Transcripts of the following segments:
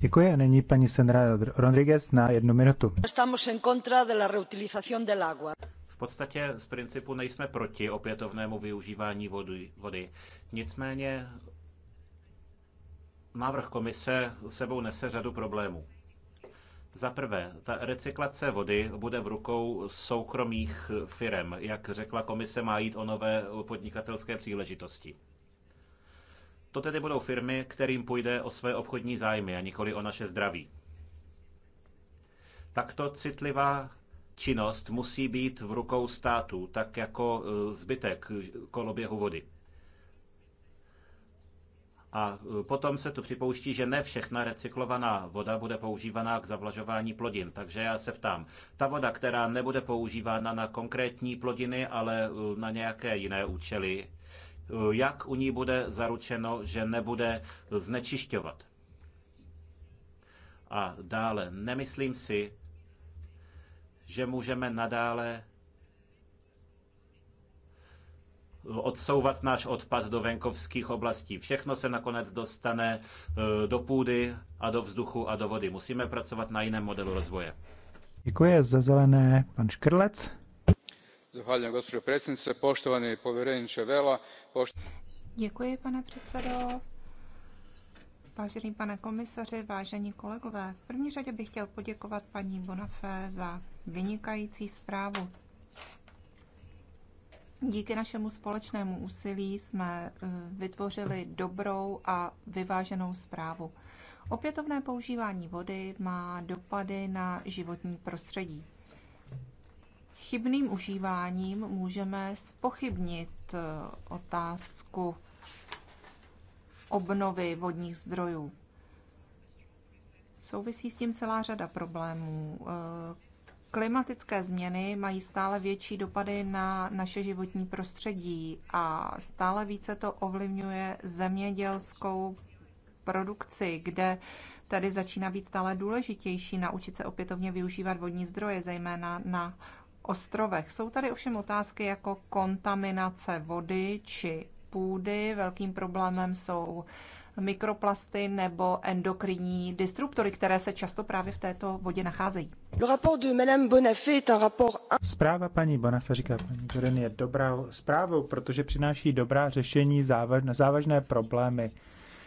Děkuji a nyní paní Sandra Rodriguez na jednu minutu. V podstatě z principu nejsme proti opětovnému využívání vody. vody. Nicméně návrh komise sebou nese řadu problémů. Za prvé, ta recyklace vody bude v rukou soukromých firem. Jak řekla komise, má jít o nové podnikatelské příležitosti. To tedy budou firmy, kterým půjde o své obchodní zájmy a nikoli o naše zdraví. Takto citlivá činnost musí být v rukou státu, tak jako e, zbytek koloběhu vody. A e, potom se tu připouští, že ne všechna recyklovaná voda bude používaná k zavlažování plodin. Takže já se ptám, ta voda, která nebude používána na konkrétní plodiny, ale e, na nějaké jiné účely, jak u ní bude zaručeno, že nebude znečišťovat. A dále, nemyslím si, že můžeme nadále odsouvat náš odpad do venkovských oblastí. Všechno se nakonec dostane e, do půdy a do vzduchu a do vody. Musíme pracovat na jiném modelu rozvoje. Děkuji za zelené, pan Škrlec gospoo predsjednice potovani povjerenie vella pane předsedo. Vážený pane komisaři, vážení kolegové, v první řadě bych chtěl poděkovat paní bonaf za vynikající zprávu. Díky našemu společnému úsilí jsme eh, vytvořili dobrou a vyváženou zprávu. Opětovné používání vody má dopady na životní prostředí chybným užíváním můžeme spochybnit eh, otázku obnovy vodních zdrojů. Souvisí s tím celá řada problémů. Eh, klimatické změny mají stále větší dopady na naše životní prostředí a stále více to ovlivňuje zemědělskou produkci, kde tady začíná být stále důležitější naučit se opětovně využívat vodní zdroje, zejména na ostrovech. Jsou tady ovšem otázky jako kontaminace vody či půdy. Velkým problémem jsou mikroplasty nebo endokrinní disruptory, které se často právě v této vodě nacházejí. Zpráva paní Bonafé, říká paní Joren, je dobrá zprávou, protože přináší dobrá řešení závažné, závažné problémy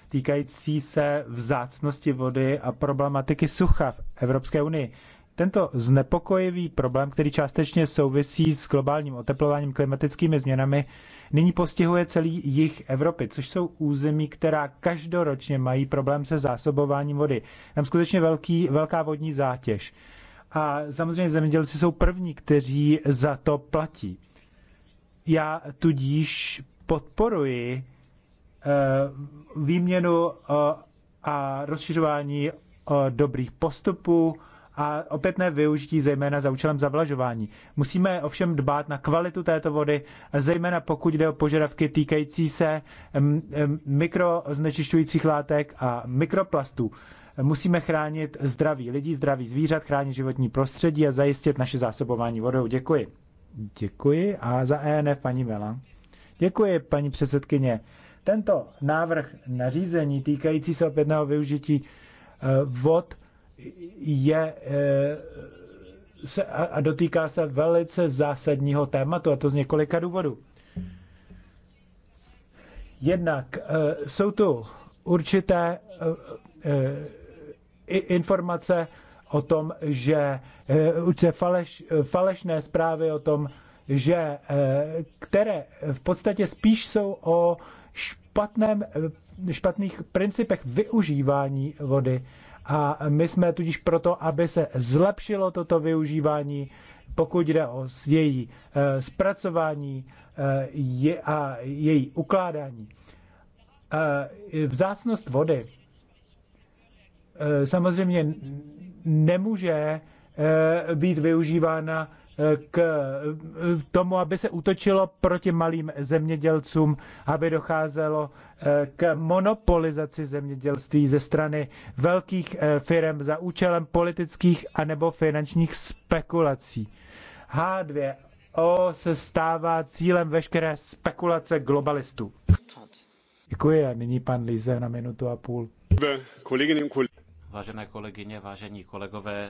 týkající se vzácnosti vody a problematiky sucha v Evropské unii. Tento znepokojivý problém, který částečně souvisí s globálním oteplováním, klimatickými změnami, nyní postihuje celý jich Evropy, což jsou území, která každoročně mají problém se zásobováním vody. Tam skutečně velký, velká vodní zátěž. A samozřejmě zemědělci jsou první, kteří za to platí. Já tudíž podporuji eh, výměnu eh, a rozšiřování eh, dobrých postupů, a opětné využití zejména za účelem zavlažování. Musíme ovšem dbát na kvalitu této vody, zejména pokud jde o požadavky týkající se mm, mm, mikroznečišťujících látek a mikroplastů. Musíme chránit zdraví lidí, zdraví zvířat, chránit životní prostředí a zajistit naše zásobování vodou. Děkuji. Děkuji a za ENF paní Mela. Děkuji, paní předsedkyně. Tento návrh nařízení týkající se opětného využití eh, vod je eh, se, a dotýká se velice zásadního tématu, a to z několika důvodů. Jednak eh, jsou tu určité eh, informace o tom, že určité faleš, falešné zprávy o tom, že které v podstatě spíš jsou o špatném, špatných principech využívání vody a my jsme tudíž proto, aby se zlepšilo toto využívání, pokud jde o její eh, zpracování eh, a její ukládání. Eh, vzácnost vody samozřejmě nemůže být využívána k tomu, aby se útočilo proti malým zemědělcům, aby docházelo eh, k monopolizaci zemědělství ze strany velkých eh, firm za účelem politických anebo finančních spekulací. H2O se stává cílem veškeré spekulace globalistů. Děkuji a nyní pan Líze na minutu a půl. Vážené kolegyně, vážení kolegové,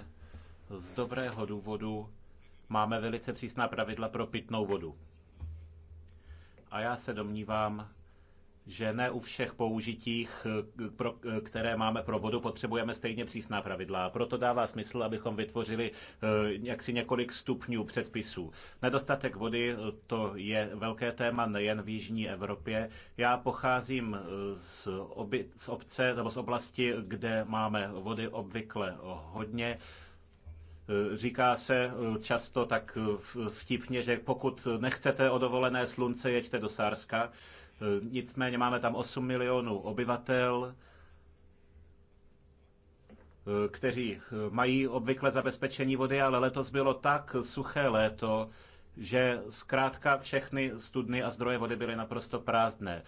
z dobrého důvodu Máme velice přísná pravidla pro pitnou vodu. A já se domnívám, že ne u všech použitích, pro, které máme pro vodu, potřebujeme stejně přísná pravidla. Proto dává smysl, abychom vytvořili eh, jaksi několik stupňů předpisů. Nedostatek vody eh, to je velké téma nejen v Jižní Evropě. Já pocházím eh, z, oby, z obce nebo z oblasti, kde máme vody obvykle hodně Eh, říká se eh, často tak eh, vtipně, že pokud nechcete o dovolené slunce, jeďte do Sárska. Nicméně máme tam 8 milionů obyvatel, kteří mají obvykle zabezpečení vody, ale letos bylo tak suché léto, že zkrátka všechny studny a zdroje vody byly naprosto prázdné.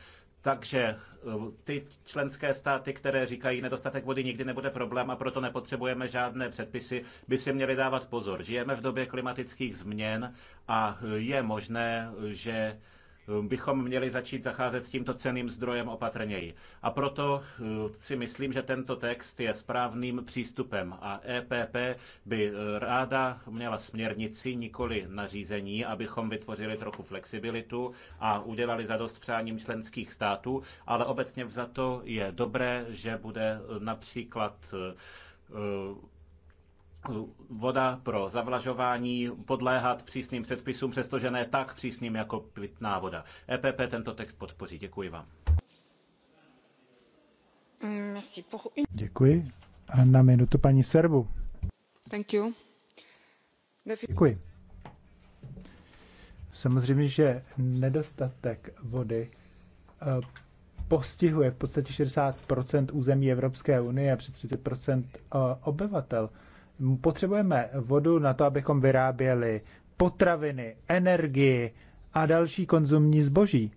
Takže eh, ty členské státy, které říkají, nedostatek vody nikdy nebude problém a proto nepotřebujeme žádné předpisy, by si měly dávat pozor. Žijeme v době klimatických změn a je možné, že Ehm, bychom měli začít zacházet s tímto ceným zdrojem opatrněji. A proto ehm, si myslím, že tento text je správným přístupem a EPP by ehm, ráda měla směrnici, nikoli nařízení, abychom vytvořili trochu flexibilitu a udělali zadost přáním členských států, ale obecně vzato je dobré, že bude například voda pro zavlažování podléhat přísným předpisům, přestože ne tak přísným jako pitná voda. EPP tento text podpoří. Děkuji vám. Děkuji. A na minutu paní Serbu. Thank you. Děkuji. Samozřejmě, že nedostatek vody eh, postihuje v podstatě 60 území Evropské unie a přes 30 eh, obyvatel. Potřebujeme vodu na to, abychom vyráběli potraviny, energii a další konzumní zboží.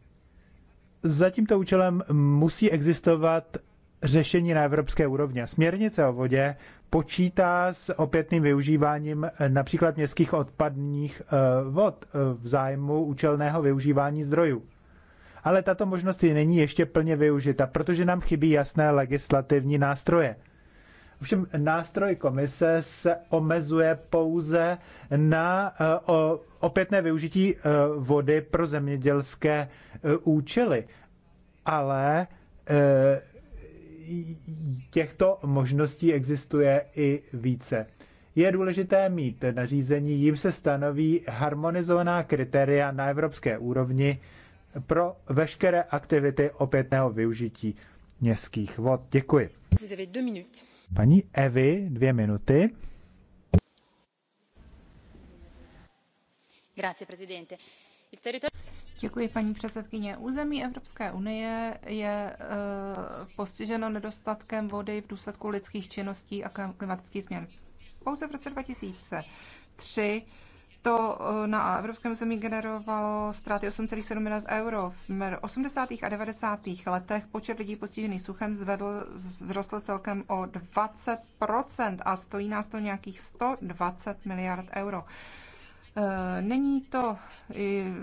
Za tímto účelem musí existovat řešení na evropské úrovně. Směrnice o vodě počítá s opětným využíváním například městských odpadních eh, vod eh, v zájmu účelného využívání zdrojů. Ale tato možnost není ještě plně využita, protože nám chybí jasné legislativní nástroje. Ovšem nástroj komise se omezuje pouze na eh, opětné využití eh, vody pro zemědělské eh, účely. Ale těchto možností existuje i více. Je důležité mít nařízení, jim se stanoví harmonizovaná kritéria na evropské úrovni pro veškeré aktivity opětného využití městských vod. Děkuji. Vous avez deux minutes. Paní Evy, dvě minuty. Grazie, presidente. Děkuji, paní předsedkyně. Území Evropské unie je e, postiženo nedostatkem vody v důsledku lidských činností a klimatických změn. Pouze v roce 2003 to eh, na evropském zemí generovalo ztráty 8,7 miliard euro. V 80. a 90. letech počet lidí postižených suchem zvedl, vzrostl celkem o 20% a stojí nás to nějakých 120 miliard euro. Eh, není to,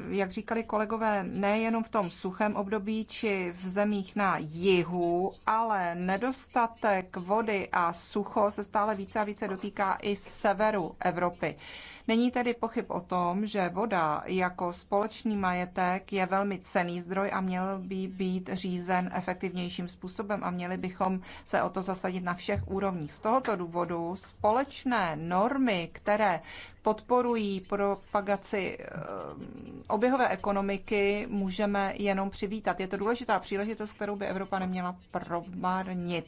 jak říkali kolegové, nejenom v tom suchém období či v zemích na jihu, ale nedostatek vody a sucho se stále více a více dotýká i severu Evropy. Není tedy pochyb o tom, že voda jako společný majetek je velmi cený zdroj a měl by být řízen efektivnějším způsobem a měli bychom se o to zasadit na všech úrovních. Z tohoto důvodu společné normy, které podporují propagaci eh, oběhové ekonomiky, můžeme jenom přivítat. Je to důležitá příležitost, kterou by Evropa neměla promarnit.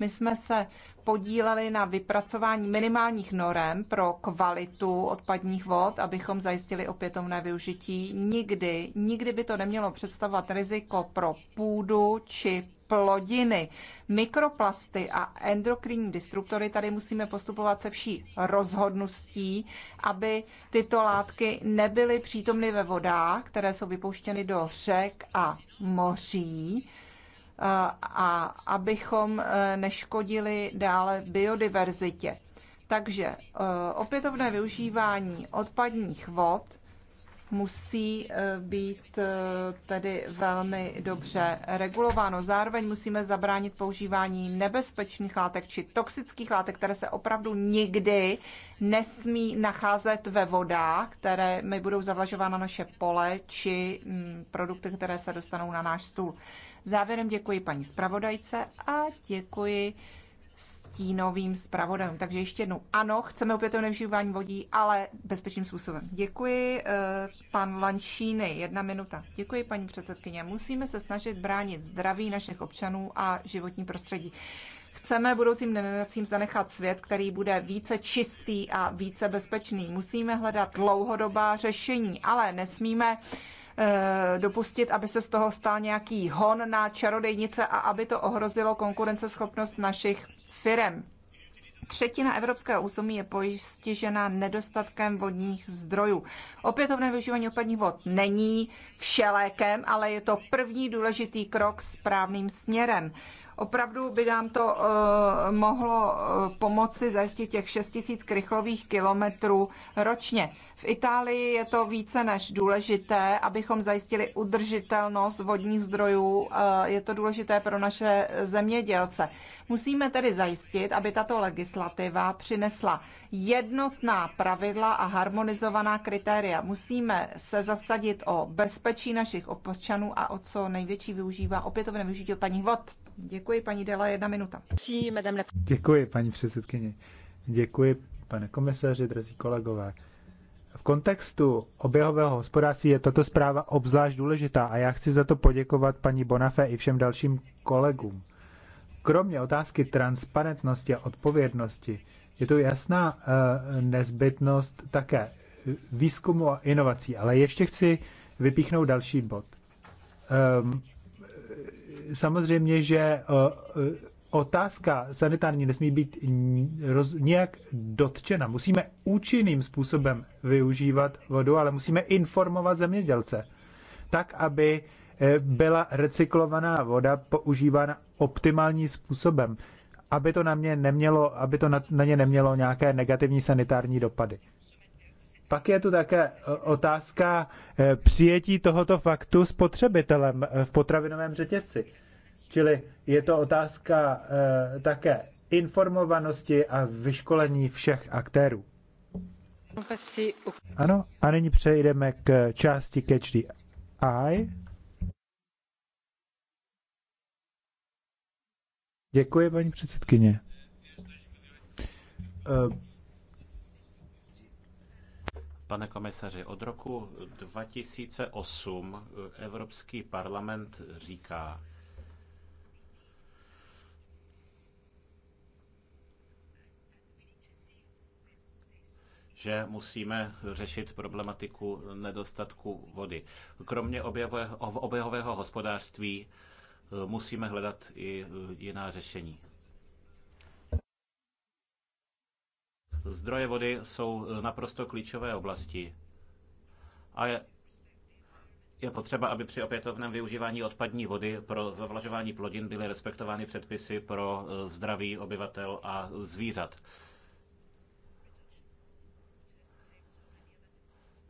My jsme se podíleli na vypracování minimálních norem pro kvalitu odpadních vod, abychom zajistili opětovné využití. Nikdy, nikdy by to nemělo představovat riziko pro půdu či plodiny. Mikroplasty a endokrinní disruptory tady musíme postupovat se vší rozhodností, aby tyto látky nebyly přítomny ve vodách, které jsou vypouštěny do řek a moří eh, a abychom eh, neškodili dále biodiverzitě. Takže eh, opětovné využívání odpadních vod musí eh, být eh, tedy velmi dobře regulováno. Zároveň musíme zabránit používání nebezpečných látek či toxických látek, které se opravdu nikdy nesmí nacházet ve vodách, které mi budou zavlažována naše pole či mm, produkty, které se dostanou na náš stůl. Závěrem děkuji paní zpravodajce a děkuji stínovým zpravodajům. Takže ještě jednou, ano, chceme opětovné využívání vodí, ale bezpečným způsobem. Děkuji, eh, pan Lančíny, jedna minuta. Děkuji, paní předsedkyně. Musíme se snažit bránit zdraví našich občanů a životní prostředí. Chceme budoucím generacím zanechat svět, který bude více čistý a více bezpečný. Musíme hledat dlouhodobá řešení, ale nesmíme eh, dopustit, aby se z toho stal nějaký hon na čarodejnice a aby to ohrozilo konkurenceschopnost našich firem. Třetina evropského území je postižena nedostatkem vodních zdrojů. Opětovné využívání odpadních vod není všelékem, ale je to první důležitý krok správným směrem. Opravdu by nám to uh, mohlo uh, pomoci zajistit těch 6 000 krychlových kilometrů ročně. V Itálii je to více než důležité, abychom zajistili udržitelnost vodních zdrojů. Uh, je to důležité pro naše zemědělce. Musíme tedy zajistit, aby tato legislativa přinesla jednotná pravidla a harmonizovaná kritéria. Musíme se zasadit o bezpečí našich občanů a o co největší využívá opětovné využití paní vod. Děkuji, paní Dela, jedna minuta. Děkuji, paní předsedkyně. Děkuji, pane komisaři, drazí kolegové. V kontextu oběhového hospodářství je tato zpráva obzvlášť důležitá a já chci za to poděkovat paní Bonafé i všem dalším kolegům. Kromě otázky transparentnosti a odpovědnosti je to jasná eh, nezbytnost také výzkumu a inovací, ale ještě chci vypíchnout další bod. Ehm, samozřejmě, že eh, otázka sanitární nesmí být nějak dotčena. Musíme účinným způsobem využívat vodu, ale musíme informovat zemědělce tak, aby Eh, byla recyklovaná voda používána optimálním způsobem, aby to na, mě nemělo, aby to na, na ně nemělo nějaké negativní sanitární dopady. Pak je tu také eh, otázka eh, přijetí tohoto faktu spotřebitelem v potravinovém řetězci. Čili je to otázka také informovanosti a vyškolení všech aktérů. Ano, a nyní přejdeme k části Catch the Eye. Děkuji, paní předsedkyně. Eh, Pane komisaři, od roku 2008 eh, Evropský parlament říká, že musíme řešit problematiku nedostatku vody. Kromě oběhového hospodářství musíme hledat i e, jiná řešení. Zdroje vody jsou e, naprosto klíčové oblasti a je, je potřeba, aby při opětovném využívání odpadní vody pro zavlažování plodin byly respektovány předpisy pro e, zdraví obyvatel a zvířat.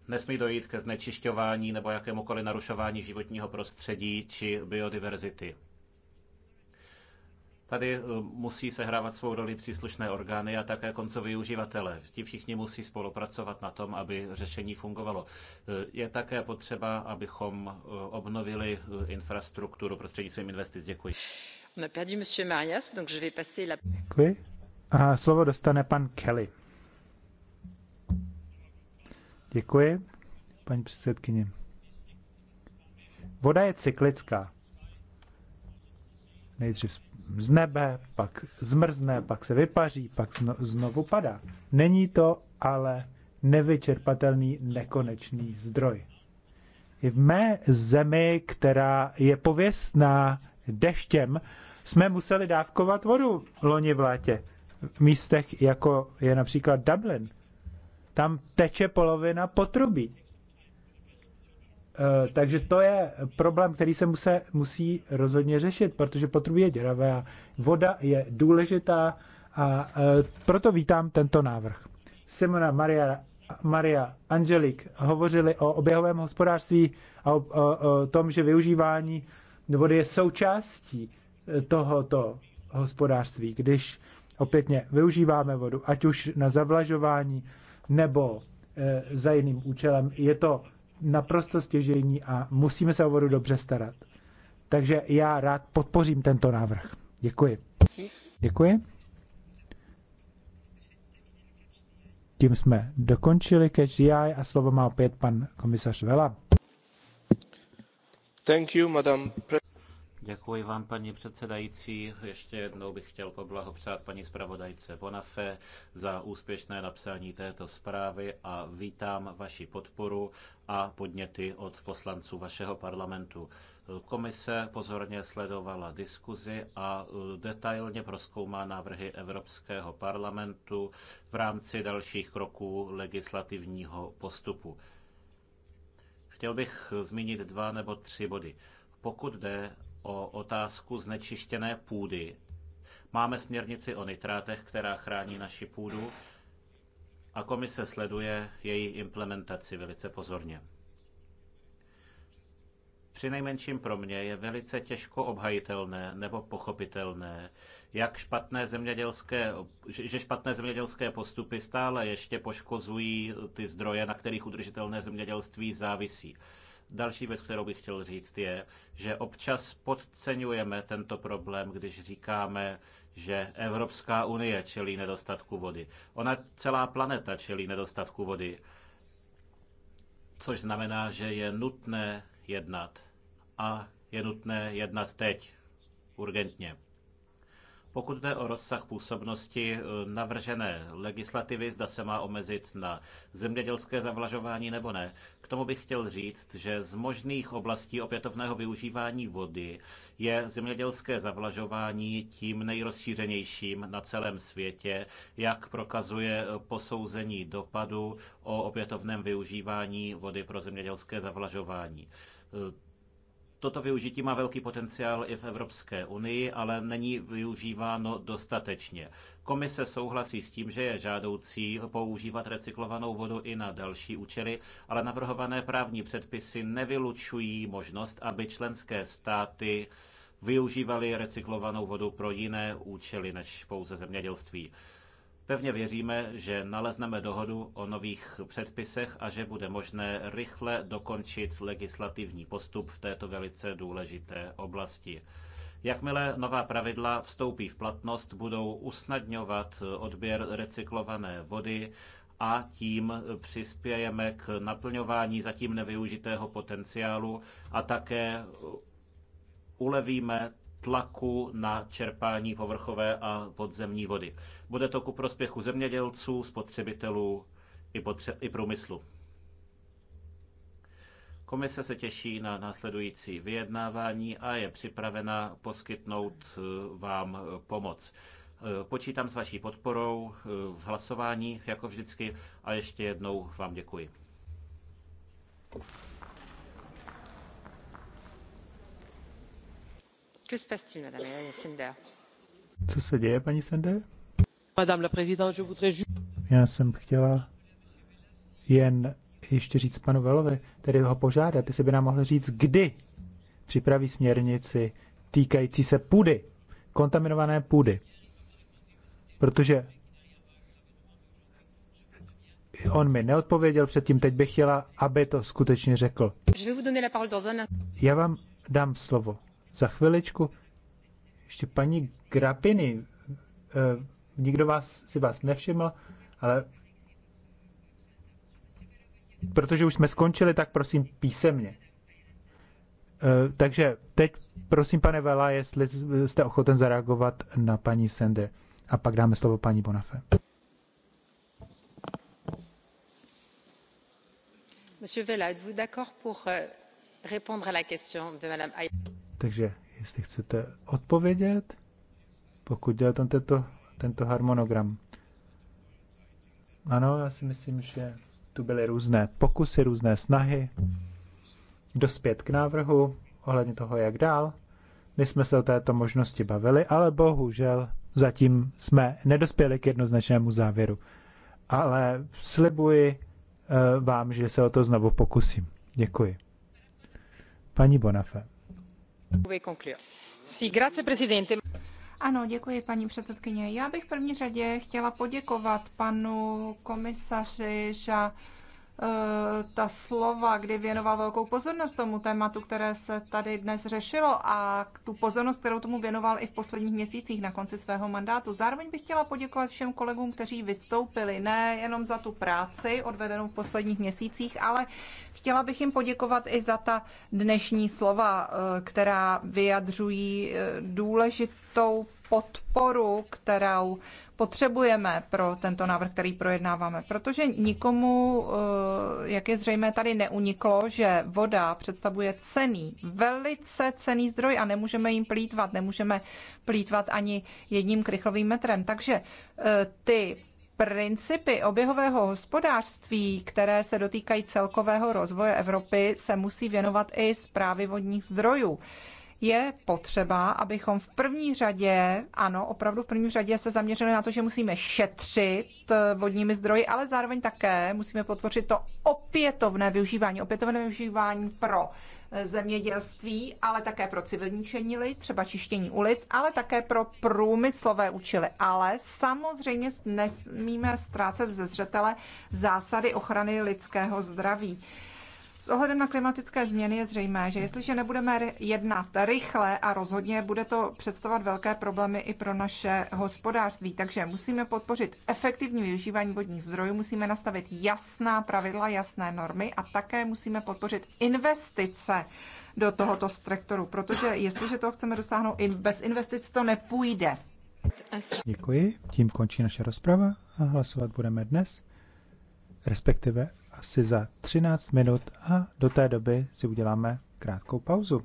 Nesmí dojít ke znečišťování nebo jakémukoliv narušování životního prostředí či biodiverzity. Tady eh, musí sehrávat svou roli příslušné orgány a také koncoví uživatelé. Ti všichni musí spolupracovat na tom, aby řešení fungovalo. Eh, je také potřeba, abychom eh, obnovili infrastrukturu prostřednictvím investic. Děkuji. Děkuji. A slovo dostane pan Kelly. Děkuji, paní předsedkyně. Voda je cyklická. Nejdřív z nebe, pak zmrzne, pak se vypaří, pak znovu padá. Není to ale nevyčerpatelný, nekonečný zdroj. I v mé zemi, která je pověstná deštěm, jsme museli dávkovat vodu loni v létě v místech, jako je například Dublin tam teče polovina potrubí. Eh, takže to je problém, který se muse, musí rozhodně řešit, protože potrubí je děravé a voda je důležitá a eh, proto vítám tento návrh. Simona Maria, Maria Angelik hovořili o oběhovém hospodářství a o, o, o tom, že využívání vody je součástí eh, tohoto hospodářství, když opětně využíváme vodu, ať už na zavlažování, nebo eh, za jiným účelem. Je to naprosto stěžení a musíme se o vodu dobře starat. Takže já rád podpořím tento návrh. Děkuji. Děkuji. Tím jsme dokončili Catch the Eye a slovo má opět pan komisař Vela. Thank you, madam. Děkuji vám, paní předsedající. Ještě jednou bych chtěl poblahopřát paní zpravodajce Bonafé za úspěšné napsání této zprávy a vítám vaši podporu a podněty od poslanců vašeho parlamentu. Komise pozorně sledovala diskuzi a e, detailně proskoumá návrhy Evropského parlamentu v rámci dalších kroků legislativního postupu. Chtěl bych zmínit dva nebo tři body. Pokud jde o otázku znečištěné půdy. Máme směrnici o nitrátech, která chrání naši půdu a komise sleduje její implementaci velice pozorně. Při nejmenším pro mě je velice těžko obhajitelné nebo pochopitelné, jak špatné zemědělské, že špatné zemědělské postupy stále ještě poškozují ty zdroje, na kterých udržitelné zemědělství závisí. Další věc, kterou bych chtěl říct, je, že občas podceňujeme tento problém, když říkáme, že Evropská unie čelí nedostatku vody. Ona celá planeta čelí nedostatku vody, což znamená, že je nutné jednat. A je nutné jednat teď, urgentně. Pokud jde o rozsah působnosti eh, navržené legislativy, zda se má omezit na zemědělské zavlažování nebo ne, k tomu bych chtěl říct, že z možných oblastí opětovného využívání vody je zemědělské zavlažování tím nejrozšířenějším na celém světě, jak prokazuje posouzení dopadu o opětovném využívání vody pro zemědělské zavlažování. Eh, Toto využití má velký potenciál i v Evropské unii, ale není využíváno dostatečně. Komise souhlasí s tím, že je žádoucí používat recyklovanou vodu i na další účely, ale navrhované právní předpisy nevylučují možnost, aby členské státy využívali recyklovanou vodu pro jiné účely než pouze zemědělství. Pevně věříme, že nalezneme dohodu o nových předpisech a že bude možné rychle dokončit legislativní postup v této velice důležité oblasti. Jakmile nová pravidla vstoupí v platnost, budou usnadňovat odběr recyklované vody a tím přispějeme k naplňování zatím nevyužitého potenciálu a také ulevíme tlaku na čerpání povrchové a podzemní vody. Bude to ku prospěchu zemědělců, spotřebitelů i, potře- i průmyslu. Komise se těší na následující vyjednávání a je připravena poskytnout eh, vám eh, pomoc. Eh, počítám s vaší podporou v hlasování, jako vždycky, a ještě jednou vám děkuji. Co se děje, paní Sende? Madame la présidente, Já jsem chtěla jen ještě říct panu Velovi, tedy ho požádat, jestli by nám mohl říct, kdy připraví směrnici týkající se půdy, kontaminované půdy. Protože on mi neodpověděl předtím, teď bych chtěla, aby to skutečně řekl. Já vám dám slovo za chviličku ještě paní Grapiny, eh, nikdo vás, si vás nevšiml, ale protože už jsme skončili, tak prosím písemně. Eh, takže teď prosím, pane Vela, jestli jste ochoten zareagovat na paní Sende a pak dáme slovo paní Bonafé. Monsieur Vela, êtes-vous d'accord pour euh, répondre à la question de Madame Ayala? Takže jestli chcete odpovědět, pokud jde tento, tento harmonogram. Ano, já si myslím, že tu byly různé pokusy, různé snahy dospět k návrhu ohledně toho, jak dál. My jsme se o této možnosti bavili, ale bohužel zatím jsme nedospěli k jednoznačnému závěru. Ale slibuji eh, vám, že se o to znovu pokusím. Děkuji. Paní Bonafé. Ano, děkuji, paní předsedkyně. Já bych v první řadě chtěla poděkovat panu komisaři za Eh, ta slova, kdy věnoval velkou pozornost tomu tématu, které se tady dnes řešilo a tu pozornost, kterou tomu věnoval i v posledních měsících na konci svého mandátu. Zároveň bych chtěla poděkovat všem kolegům, kteří vystoupili, ne jenom za tu práci odvedenou v posledních měsících, ale chtěla bych jim poděkovat i za ta dnešní slova, eh, která vyjadřují eh, důležitou podporu, kterou potřebujeme pro tento návrh, který projednáváme, protože nikomu, eh, jak je zřejmé, tady neuniklo, že voda představuje cený, velice cený zdroj a nemůžeme jim plítvat, nemůžeme plítvat ani jedním krychlovým metrem. Takže eh, ty principy oběhového hospodářství, které se dotýkají celkového rozvoje Evropy, se musí věnovat i zprávy vodních zdrojů je potřeba, abychom v první řadě, ano, opravdu v první řadě se zaměřili na to, že musíme šetřit eh, vodními zdroji, ale zároveň také musíme podpořit to opětovné využívání, opětovné využívání pro eh, zemědělství, ale také pro civilní čenily, třeba čištění ulic, ale také pro průmyslové účely. Ale samozřejmě nesmíme ztrácet ze zřetele zásady ochrany lidského zdraví. S ohledem na klimatické změny je zřejmé, že jestliže nebudeme jednat rychle a rozhodně, bude to představovat velké problémy i pro naše hospodářství. Takže musíme podpořit efektivní využívání vodních zdrojů, musíme nastavit jasná pravidla, jasné normy a také musíme podpořit investice do tohoto sektoru, protože jestliže to chceme dosáhnout bez investic, to nepůjde. Děkuji, tím končí naše rozprava a hlasovat budeme dnes, respektive asi za 13 minut a do té doby si uděláme krátkou pauzu.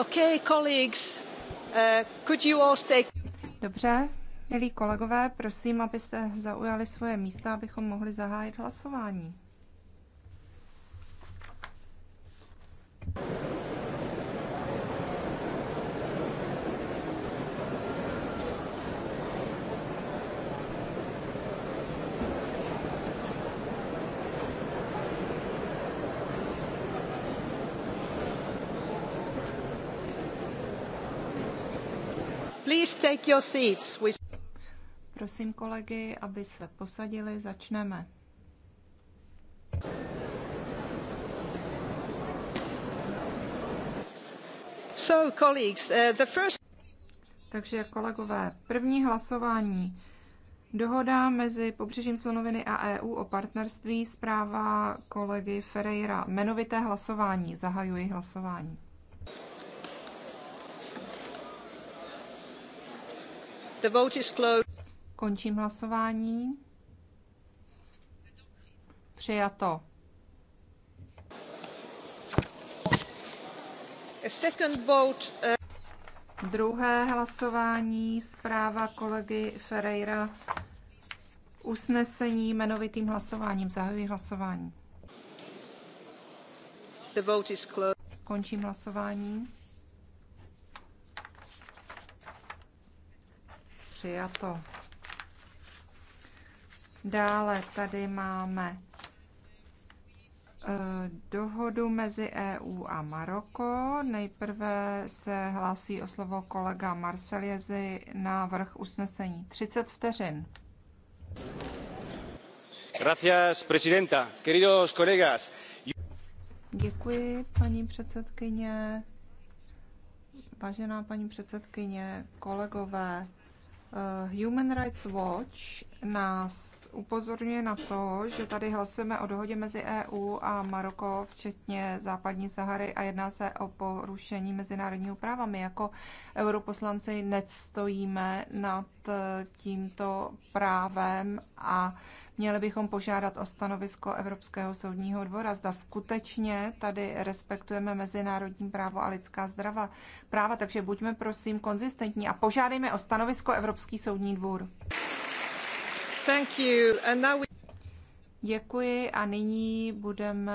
Uh, Dobře, milí kolegové, prosím, abyste zaujali svoje místa, abychom mohli zahájit hlasování. Prosím kolegy, aby se posadili, začneme. So, colleagues, uh, the first... Takže kolegové, první hlasování. Dohoda mezi pobřežím slonoviny a EU o partnerství, zpráva kolegy Ferreira. Jmenovité hlasování. Zahajuji hlasování. The vote is closed. Končím hlasování. Přijato. A uh, Druhé hlasování, zpráva kolegy Ferreira. Usnesení jmenovitým hlasováním. Zahajuji hlasování. The vote is closed. Končím hlasování. přijato. Dále tady máme eh, dohodu mezi EU a Maroko. Nejprve se hlásí o slovo kolega Marcel Jezi na vrch usnesení. 30 vteřin. Gracias, presidenta. Queridos colegas. Děkuji, paní předsedkyně. Vážená paní předsedkyně, kolegové, Eh, Human Rights Watch nás upozorňuje na to, že tady hlasujeme o dohodě mezi EU a Maroko, včetně západní Sahary, a jedná se o porušení mezinárodního práva. My jako europoslanci nestojíme nad eh, tímto právem a měli bychom požádat o stanovisko Evropského soudního dvora. Zda skutečně tady respektujeme mezinárodní právo a lidská zdrava práva, takže buďme prosím konzistentní a požádejme o stanovisko Evropský soudní dvůr. Děkuji a nyní budeme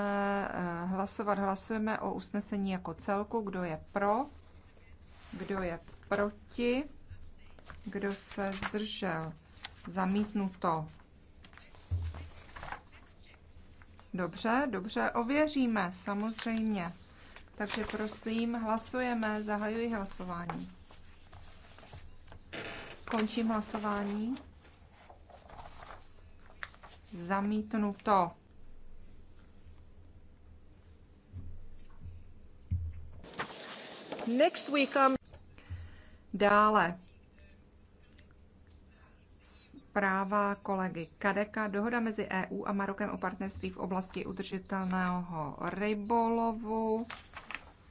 eh, hlasovat. Hlasujeme o usnesení jako celku. Kdo je pro? Kdo je proti? Kdo se zdržel? Zamítnuto. Dobře, dobře, ověříme, samozřejmě. Takže prosím, hlasujeme, zahajuji hlasování. Končím hlasování. Zamítnuto. Next week I'm... Dále zpráva kolegy Kadeka. Dohoda mezi EU a Marokem o partnerství v oblasti udržitelného rybolovu.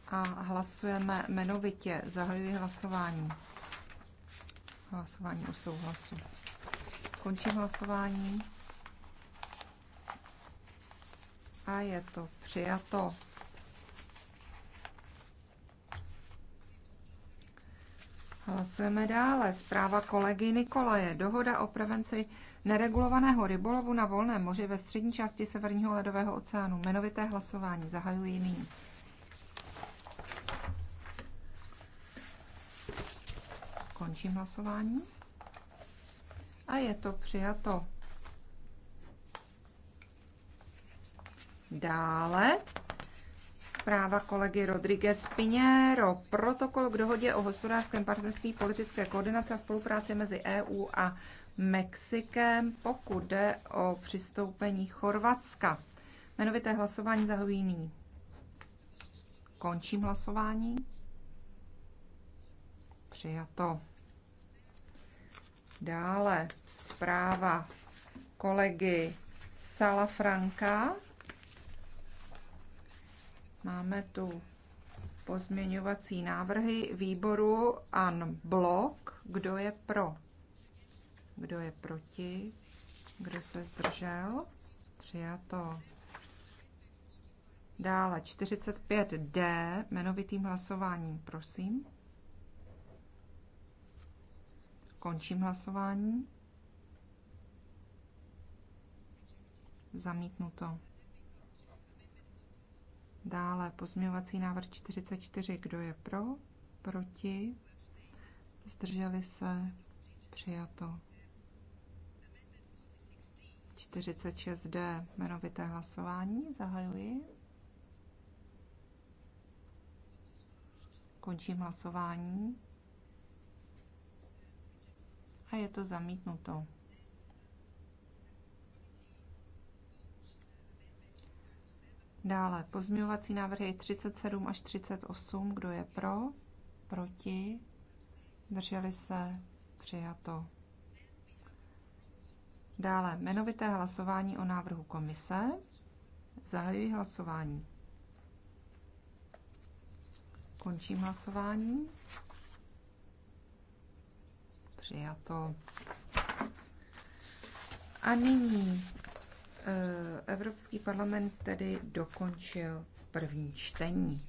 A hlasujeme jmenovitě. Zahajuji hlasování. Hlasování o souhlasu. Končím hlasování. a je to přijato. Hlasujeme dále. Zpráva kolegy Nikolaje. Dohoda o prevenci neregulovaného rybolovu na volném moři ve střední části Severního ledového oceánu. Jmenovité hlasování zahajuji nyní. Končím hlasování. A je to přijato. Dále zpráva kolegy Rodriguez Pinheiro. Protokol k dohodě o hospodářském partnerství politické koordinace a spolupráci mezi EU a Mexikem, pokud jde o přistoupení Chorvatska. Jmenovité hlasování zahojí nyní. Končím hlasování. Přijato. Dále zpráva kolegy Salafranka Máme tu pozměňovací návrhy výboru an blok. Kdo je pro? Kdo je proti? Kdo se zdržel? Přijato. Dále 45D jmenovitým hlasováním, prosím. Končím hlasování. Zamítnuto. Dále pozměňovací návrh 44. Kdo je pro? Proti? Zdrželi se? Přijato. 46D jmenovité hlasování. Zahajuji. Končím hlasování. A je to zamítnuto. Dále pozměňovací návrhy 37 až 38. Kdo je pro? Proti? Drželi se? Přijato. Dále jmenovité hlasování o návrhu komise. Zahajuji hlasování. Končím hlasování. Přijato. A nyní Eh, Evropský parlament tedy dokončil první čtení.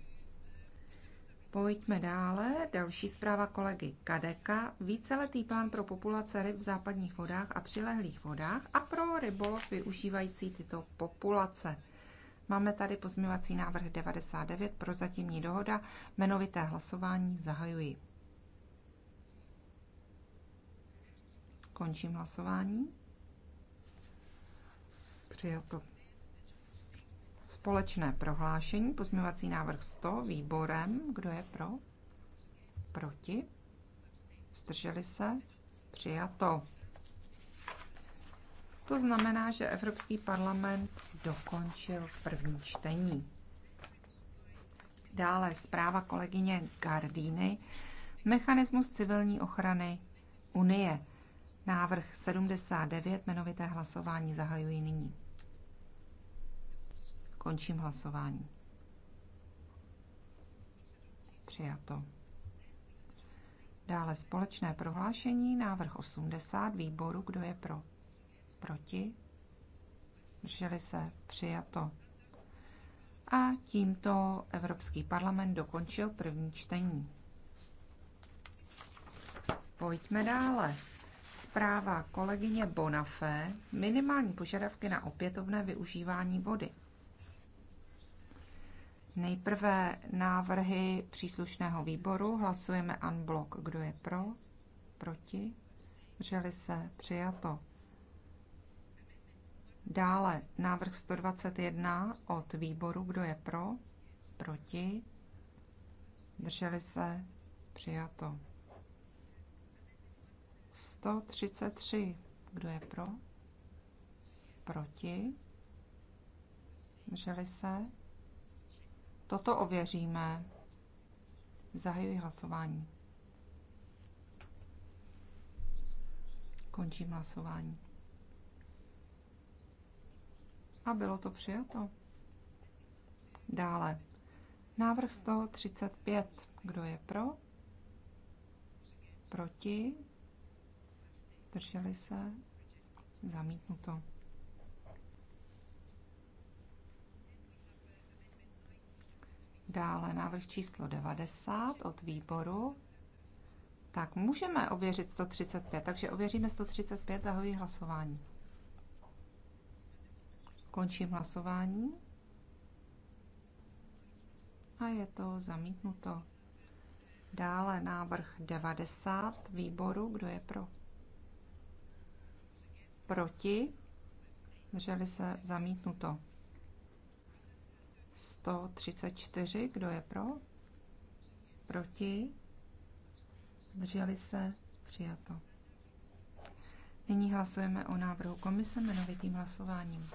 Pojďme dále. Další zpráva kolegy Kadeka. Víceletý plán pro populace ryb v západních vodách a přilehlých vodách a pro rybolov využívající tyto populace. Máme tady pozměvací návrh 99, pro zatímní dohoda, jmenovité hlasování zahajuji. Končím hlasování. Přijato. Společné prohlášení, pozměňovací návrh 100, výborem. Kdo je pro? Proti? Zdrželi se? Přijato. To znamená, že Evropský parlament dokončil první čtení. Dále zpráva kolegyně Gardíny. Mechanismus civilní ochrany Unie. Návrh 79, jmenovité hlasování zahajují nyní. Končím hlasování. Přijato. Dále společné prohlášení, návrh 80 výboru, kdo je pro. Proti. Drželi se. Přijato. A tímto Evropský parlament dokončil první čtení. Pojďme dále. Zpráva kolegyně Bonafé minimální požadavky na opětovné využívání vody. Nejprve návrhy příslušného výboru. Hlasujeme unblock. Kdo je pro? Proti? Drželi se? Přijato. Dále návrh 121 od výboru. Kdo je pro? Proti? Drželi se? Přijato. 133. Kdo je pro? Proti? Drželi se? Toto ověříme. Zahajuji hlasování. Končím hlasování. A bylo to přijato. Dále. Návrh 135. Kdo je pro? Proti? Zdrželi se? Zamítnuto. Dále návrh číslo 90 od výboru. Tak můžeme ověřit 135, takže ověříme 135, zahojí hlasování. Končím hlasování. A je to zamítnuto. Dále návrh 90 výboru, kdo je pro? Proti? Drželi se zamítnuto. 134. Kdo je pro? Proti? Zdrželi se? Přijato. Nyní hlasujeme o návrhu komise jmenovitým hlasováním.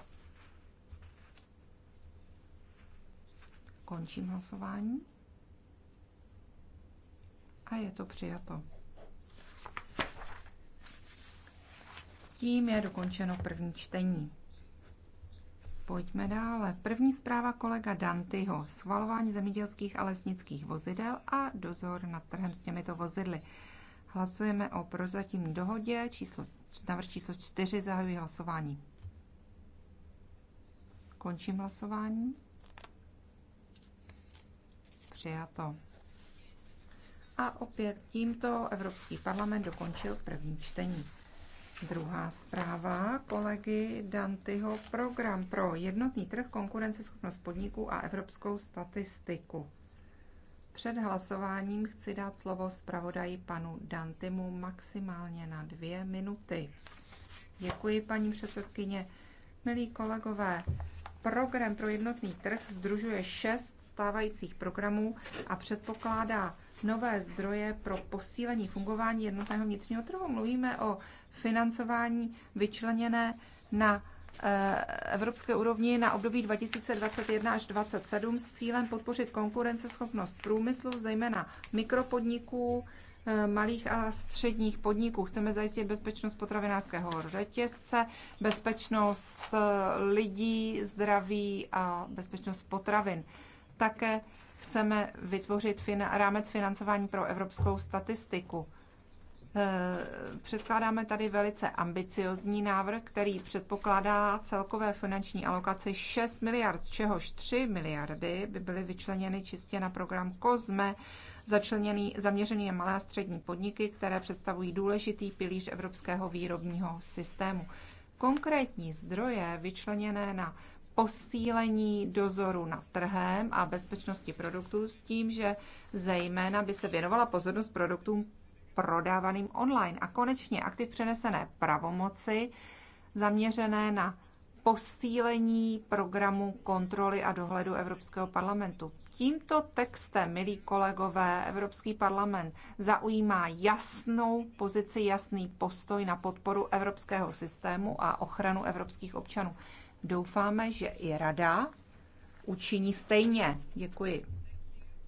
Končím hlasování. A je to přijato. Tím je dokončeno první čtení. Pojďme dále. První zpráva kolega Dantyho. Schvalování zemědělských a lesnických vozidel a dozor nad trhem s těmito vozidly. Hlasujeme o prozatím dohodě. Číslo, návrh číslo 4 zahajuji hlasování. Končím hlasování. Přijato. A opět tímto Evropský parlament dokončil první čtení. Druhá zpráva kolegy Dantyho program pro jednotný trh, konkurenceschopnost podniků a evropskou statistiku. Před hlasováním chci dát slovo zpravodaji panu Dantymu maximálně na dvě minuty. Děkuji, paní předsedkyně. Milí kolegové, program pro jednotný trh združuje šest stávajících programů a předpokládá nové zdroje pro posílení fungování jednotného vnitřního trhu. Mluvíme o financování vyčleněné na eh, evropské úrovni na období 2021 až 2027 s cílem podpořit konkurenceschopnost průmyslu, zejména mikropodniků, eh, malých a středních podniků. Chceme zajistit bezpečnost potravinářského řetězce, bezpečnost eh, lidí, zdraví a bezpečnost potravin. Také Chceme vytvořit rámec financování pro evropskou statistiku. E, předkládáme tady velice ambiciozní návrh, který předpokládá celkové finanční alokaci 6 miliard, z čehož 3 miliardy by byly vyčleněny čistě na program COSME, začleněný, zaměřený na malé a střední podniky, které představují důležitý pilíř evropského výrobního systému. Konkrétní zdroje vyčleněné na posílení dozoru nad trhem a bezpečnosti produktů s tím, že zejména by se věnovala pozornost produktům prodávaným online a konečně aktiv přenesené pravomoci zaměřené na posílení programu kontroly a dohledu Evropského parlamentu. Tímto textem, milí kolegové, Evropský parlament zaujímá jasnou pozici, jasný postoj na podporu evropského systému a ochranu evropských občanů. Doufáme, že i rada učiní stejně. Děkuji.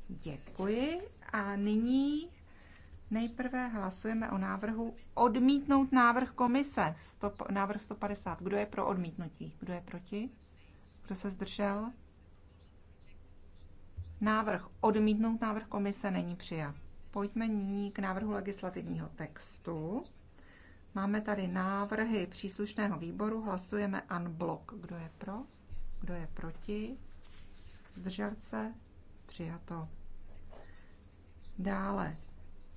Děkuji. A nyní nejprve hlasujeme o návrhu odmítnout návrh komise. Stop, návrh 150. Kdo je pro odmítnutí? Kdo je proti? Kdo se zdržel? Návrh odmítnout návrh komise není přijat. Pojďme nyní k návrhu legislativního textu. Máme tady návrhy příslušného výboru, hlasujeme unblock. Kdo je pro? Kdo je proti? Zdržel se? Přijato. Dále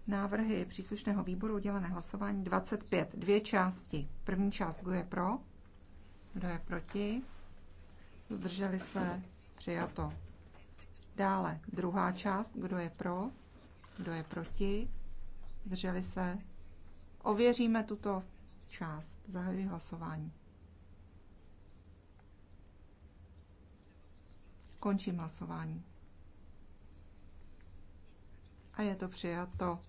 návrhy příslušného výboru udělené hlasování 25. Dvě části. První část, kdo je pro? Kdo je proti? Zdrželi se? Přijato. Dále druhá část, kdo je pro? Kdo je proti? Zdrželi se? Ověříme tuto část. Zahajuji hlasování. Končím hlasování. A je to přijato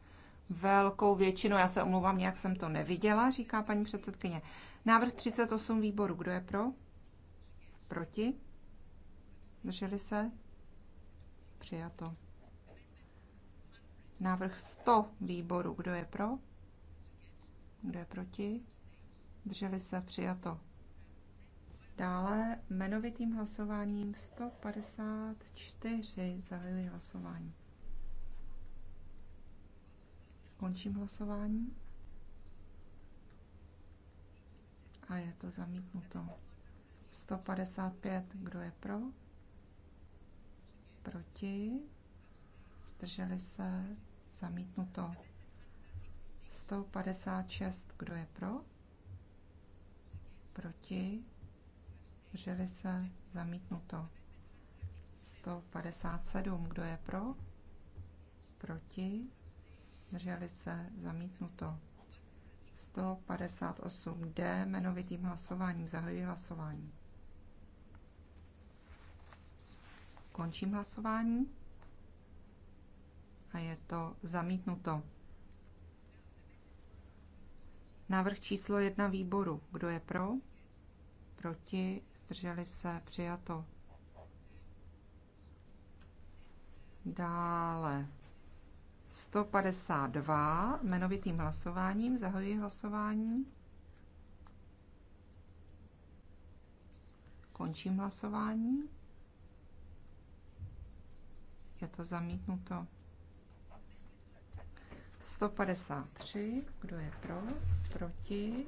velkou většinou. Já se omlouvám, jak jsem to neviděla, říká paní předsedkyně. Návrh 38 výboru. Kdo je pro? Proti? Drželi se? Přijato. Návrh 100 výboru. Kdo je pro? Kdo je proti? Drželi se přijato. Dále jmenovitým hlasováním 154 zahajuji hlasování. Končím hlasování. A je to zamítnuto. 155, kdo je pro? Proti? Zdrželi se? Zamítnuto. 156. Kdo je pro? Proti? Zdrželi se? Zamítnuto. 157. Kdo je pro? Proti? Zdrželi se? Zamítnuto. 158. D. Jmenovitým hlasováním. Zahajuji hlasování. Končím hlasování. A je to zamítnuto. Návrh číslo jedna výboru. Kdo je pro? Proti? Zdrželi se? Přijato. Dále 152 jmenovitým hlasováním. Zahajuji hlasování. Končím hlasování. Je to zamítnuto. 153, kdo je pro, proti,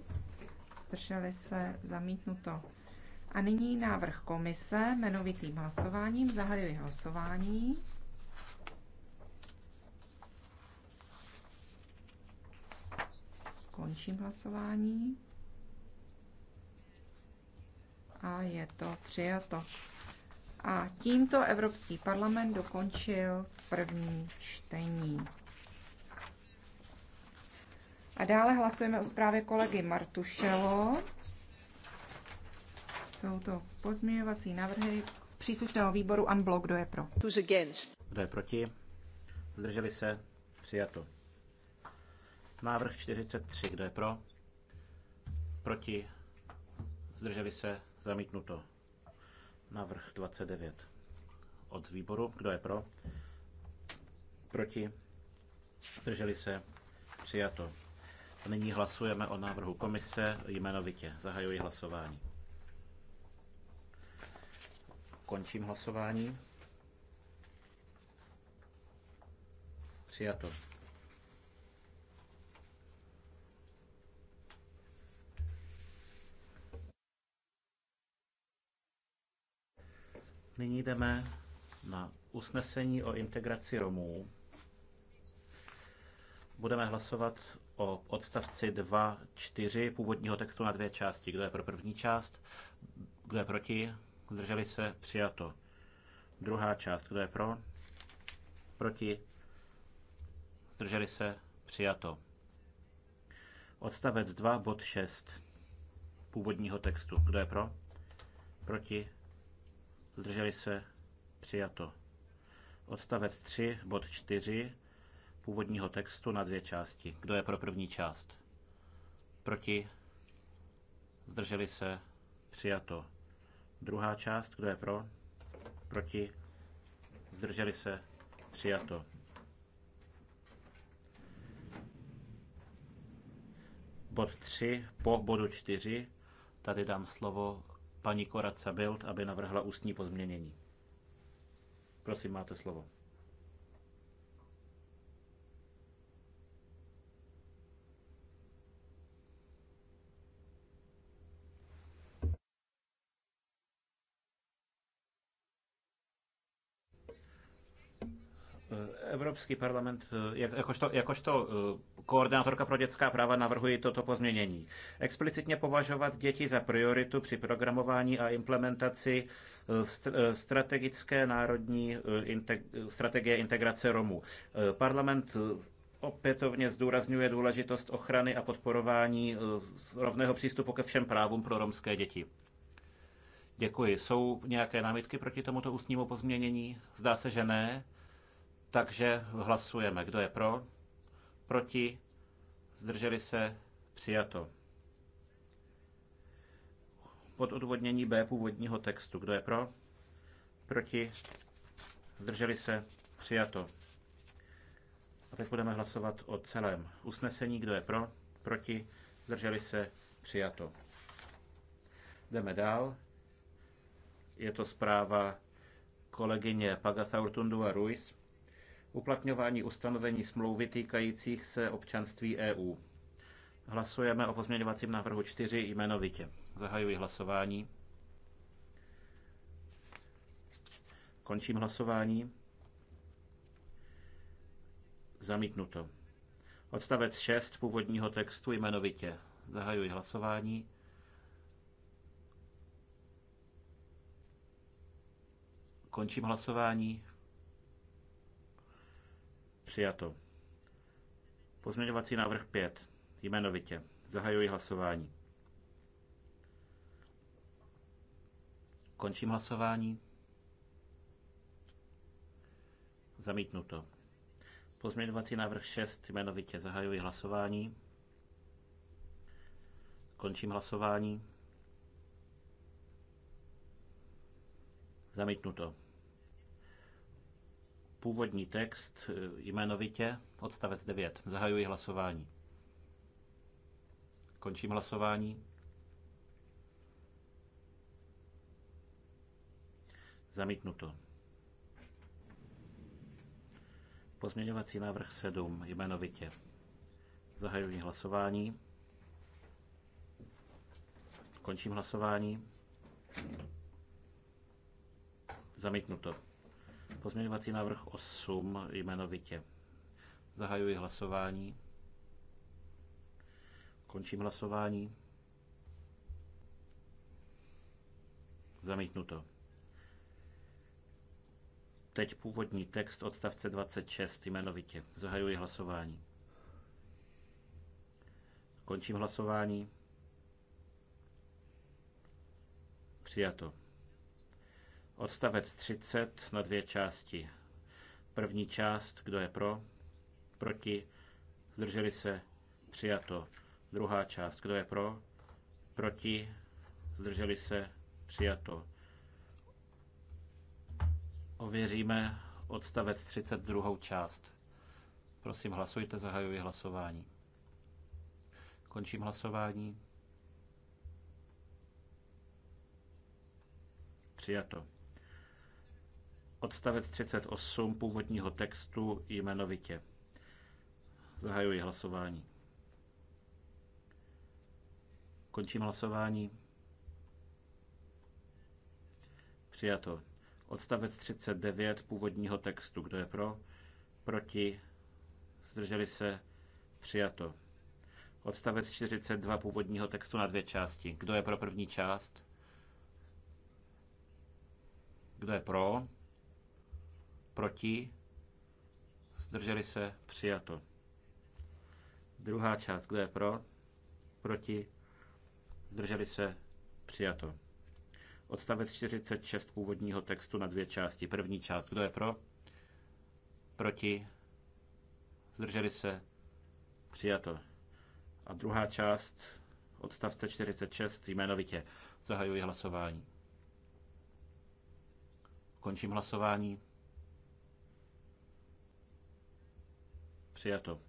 zdrželi se, zamítnuto. A nyní návrh komise jmenovitým hlasováním. Zahajuji hlasování. Končím hlasování. A je to přijato. A tímto Evropský parlament dokončil první čtení. A dále hlasujeme o zprávě kolegy Martušelo. Jsou to pozměňovací návrhy příslušného výboru Unblock. Kdo je pro? Kdo je proti? Zdrželi se? Přijato. Návrh 43. Kdo je pro? Proti? Zdrželi se? Zamítnuto. Návrh 29. Od výboru. Kdo je pro? Proti? Zdrželi se? Přijato. Nyní hlasujeme o návrhu komise jmenovitě. Zahajuji hlasování. Končím hlasování. Přijato. Nyní jdeme na usnesení o integraci Romů. Budeme hlasovat o odstavci 2, 4 původního textu na dvě části. Kdo je pro první část? Kdo je proti? Zdrželi se? Přijato. Druhá část. Kdo je pro? Proti? Zdrželi se? Přijato. Odstavec 2, bod 6 původního textu. Kdo je pro? Proti? Zdrželi se? Přijato. Odstavec 3, bod 4 původního textu na dvě části. Kdo je pro první část? Proti? Zdrželi se? Přijato. Druhá část, kdo je pro? Proti? Zdrželi se? Přijato. Bod 3 po bodu 4. Tady dám slovo paní Koraca Bild, aby navrhla ústní pozměnění. Prosím, máte slovo. Evropský parlament, eh, jakožto, jakožto eh, koordinátorka pro dětská práva navrhuji toto pozměnění. Explicitně považovat děti za prioritu při programování a implementaci eh, strategické národní strategie integrace Romů. Parlament opětovně zdůrazňuje důležitost ochrany a podporování rovného přístupu ke všem právům pro romské děti. Děkuji. Jsou nějaké námitky proti tomuto ústnímu pozměnění? Zdá se, že ne. Takže hlasujeme, kdo je pro, proti, zdrželi se, přijato. Pod odvodnění B původního textu, kdo je pro, proti, zdrželi se, přijato. A teď budeme hlasovat o celém usnesení, kdo je pro, proti, zdrželi se, přijato. Jdeme dál. Je to zpráva kolegyně a Ruiz uplatňování ustanovení smlouvy týkajících se občanství EU. Hlasujeme o pozměňovacím návrhu 4 jmenovitě. Zahajuji hlasování. Končím hlasování. Zamítnuto. Odstavec 6 původního textu jmenovitě. Zahajuji hlasování. Končím hlasování. Přijato. Pozměňovací návrh 5. Jmenovitě. Zahajuji hlasování. Končím hlasování. Zamítnuto. Pozměňovací návrh 6. Jmenovitě. Zahajuji hlasování. Končím hlasování. Zamítnuto původní text eh, jmenovitě, odstavec 9. Zahajuji hlasování. Končím hlasování. Zamítnuto. Pozměňovací návrh 7 jmenovitě. Zahajuji hlasování. Končím hlasování. Zamítnuto. Pozměňovací návrh 8 jmenovitě. Zahajuji hlasování. Končím hlasování. Zamítnuto. Teď původní text odstavce 26 jmenovitě. Zahajuji hlasování. Končím hlasování. Přijato. Odstavec 30 na dvě části. První část, kdo je pro, proti, zdrželi se, přijato. Druhá část, kdo je pro, proti, zdrželi se, přijato. Ověříme odstavec 32. část. Prosím, hlasujte, zahajuji hlasování. Končím hlasování. Přijato odstavec 38 původního textu jmenovitě. Zahajuji hlasování. Končím hlasování. Přijato. Odstavec 39 původního textu. Kdo je pro? Proti? Zdrželi se? Přijato. Odstavec 42 původního textu na dvě části. Kdo je pro první část? Kdo je pro? Proti? Zdrželi se? Přijato. Druhá část. Kdo je pro? Proti? Zdrželi se? Přijato. Odstavec 46 původního textu na dvě části. První část. Kdo je pro? Proti? Zdrželi se? Přijato. A druhá část odstavce 46 jmenovitě. Zahajuji hlasování. Končím hlasování. Přijato.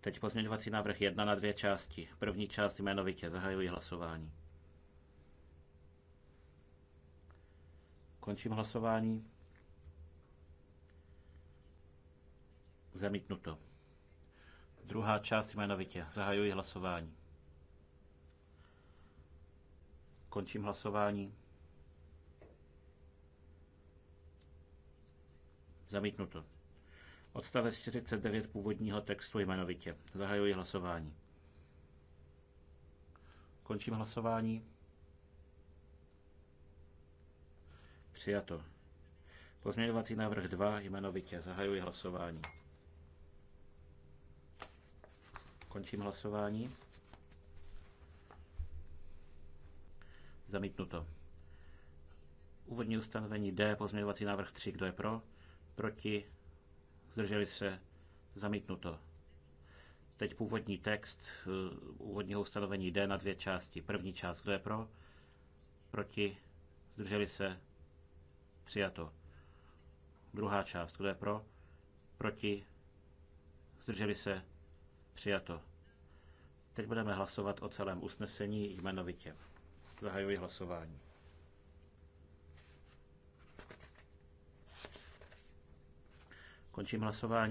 Teď pozměňovací návrh jedna na dvě části. První část jmenovitě. Zahajuji hlasování. Končím hlasování. Zamítnuto. Druhá část jmenovitě. Zahajuji hlasování. Končím hlasování. Zamítnuto. Odstavec 49 původního textu jmenovitě. Zahajuji hlasování. Končím hlasování. Přijato. Pozměňovací návrh 2 jmenovitě. Zahajuji hlasování. Končím hlasování. Zamítnuto. Úvodní ustanovení D, pozměňovací návrh 3. Kdo je pro? Proti? zdrželi se, zamítnuto. Teď původní text eh, úvodního ustanovení jde na dvě části. První část, kdo je pro, proti, zdrželi se, přijato. Druhá část, kdo je pro, proti, zdrželi se, přijato. Teď budeme hlasovat o celém usnesení jmenovitě. Zahajuji hlasování. Končím hlasování.